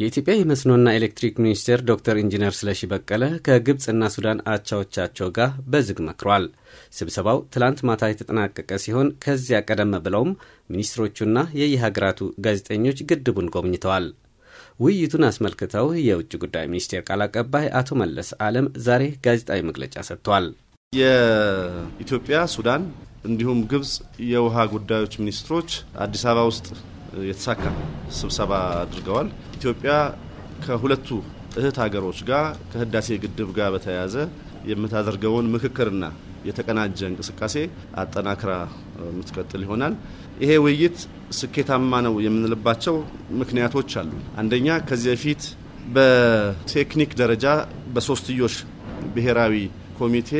የኢትዮጵያ የመስኖና ኤሌክትሪክ ሚኒስቴር ዶክተር ኢንጂነር ስለሺ በቀለ ከግብፅና ሱዳን አቻዎቻቸው ጋር በዝግ መክሯል። ስብሰባው ትላንት ማታ የተጠናቀቀ ሲሆን ከዚያ ቀደም ብለውም ሚኒስትሮቹና የየሀገራቱ ጋዜጠኞች ግድቡን ጎብኝተዋል። ውይይቱን አስመልክተው የውጭ ጉዳይ ሚኒስቴር ቃል አቀባይ አቶ መለስ አለም ዛሬ ጋዜጣዊ መግለጫ ሰጥቷል። የኢትዮጵያ ሱዳን እንዲሁም ግብፅ የውሃ ጉዳዮች ሚኒስትሮች አዲስ አበባ ውስጥ የተሳካ ስብሰባ አድርገዋል። ኢትዮጵያ ከሁለቱ እህት ሀገሮች ጋር ከህዳሴ ግድብ ጋር በተያያዘ የምታደርገውን ምክክርና የተቀናጀ እንቅስቃሴ አጠናክራ የምትቀጥል ይሆናል። ይሄ ውይይት ስኬታማ ነው የምንልባቸው ምክንያቶች አሉ። አንደኛ ከዚህ በፊት በቴክኒክ ደረጃ በሶስትዮሽ ብሔራዊ ኮሚቴ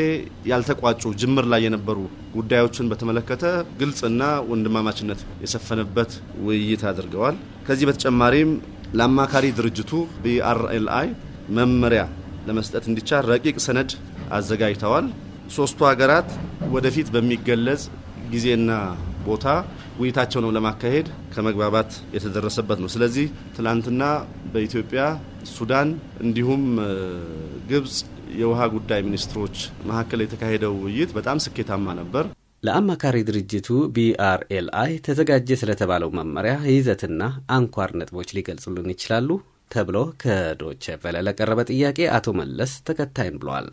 ያልተቋጩ ጅምር ላይ የነበሩ ጉዳዮችን በተመለከተ ግልጽና ወንድማማችነት የሰፈነበት ውይይት አድርገዋል። ከዚህ በተጨማሪም ለአማካሪ ድርጅቱ ቢአርኤልአይ መመሪያ ለመስጠት እንዲቻል ረቂቅ ሰነድ አዘጋጅተዋል። ሶስቱ ሀገራት ወደፊት በሚገለጽ ጊዜና ቦታ ውይይታቸው ነው ለማካሄድ ከመግባባት የተደረሰበት ነው። ስለዚህ ትላንትና በኢትዮጵያ ሱዳን፣ እንዲሁም ግብጽ የውሃ ጉዳይ ሚኒስትሮች መካከል የተካሄደው ውይይት በጣም ስኬታማ ነበር። ለአማካሪ ድርጅቱ ቢአርኤልአይ ተዘጋጀ ስለተባለው መመሪያ ይዘትና አንኳር ነጥቦች ሊገልጹልን ይችላሉ ተብሎ ከዶቼ ቬለ ለቀረበ ጥያቄ አቶ መለስ ተከታይን ብለዋል።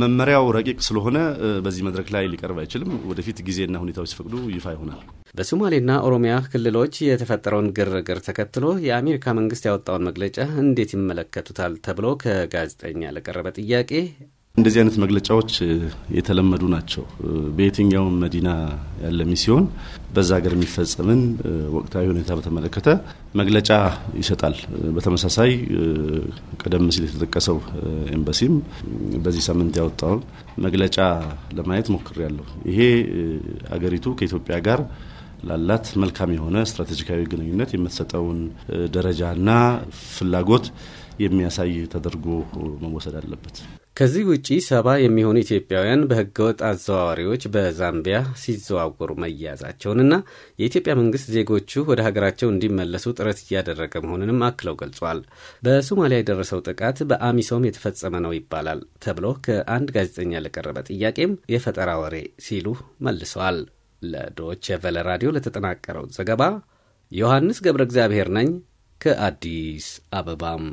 መመሪያው ረቂቅ ስለሆነ በዚህ መድረክ ላይ ሊቀርብ አይችልም። ወደፊት ጊዜና ሁኔታዎች ሲፈቅዱ ይፋ ይሆናል። በሶማሌና ኦሮሚያ ክልሎች የተፈጠረውን ግርግር ተከትሎ የአሜሪካ መንግስት ያወጣውን መግለጫ እንዴት ይመለከቱታል ተብሎ ከጋዜጠኛ ለቀረበ ጥያቄ እንደዚህ አይነት መግለጫዎች የተለመዱ ናቸው። በየትኛውም መዲና ያለ ሚስዮን በዛ ሀገር የሚፈጸምን ወቅታዊ ሁኔታ በተመለከተ መግለጫ ይሰጣል። በተመሳሳይ ቀደም ሲል የተጠቀሰው ኤምባሲም በዚህ ሳምንት ያወጣውን መግለጫ ለማየት ሞክሬ ያለው ይሄ አገሪቱ ከኢትዮጵያ ጋር ላላት መልካም የሆነ ስትራቴጂካዊ ግንኙነት የምትሰጠውን ደረጃና ፍላጎት የሚያሳይ ተደርጎ መወሰድ አለበት። ከዚህ ውጪ ሰባ የሚሆኑ ኢትዮጵያውያን በህገወጥ አዘዋዋሪዎች በዛምቢያ ሲዘዋወሩ መያዛቸውንና የኢትዮጵያ መንግስት ዜጎቹ ወደ ሀገራቸው እንዲመለሱ ጥረት እያደረገ መሆኑንም አክለው ገልጿል። በሶማሊያ የደረሰው ጥቃት በአሚሶም የተፈጸመ ነው ይባላል ተብሎ ከአንድ ጋዜጠኛ ለቀረበ ጥያቄም የፈጠራ ወሬ ሲሉ መልሰዋል። ለዶቼ ቨለ ራዲዮ ለተጠናቀረው ዘገባ ዮሐንስ ገብረ እግዚአብሔር ነኝ ከአዲስ አበባም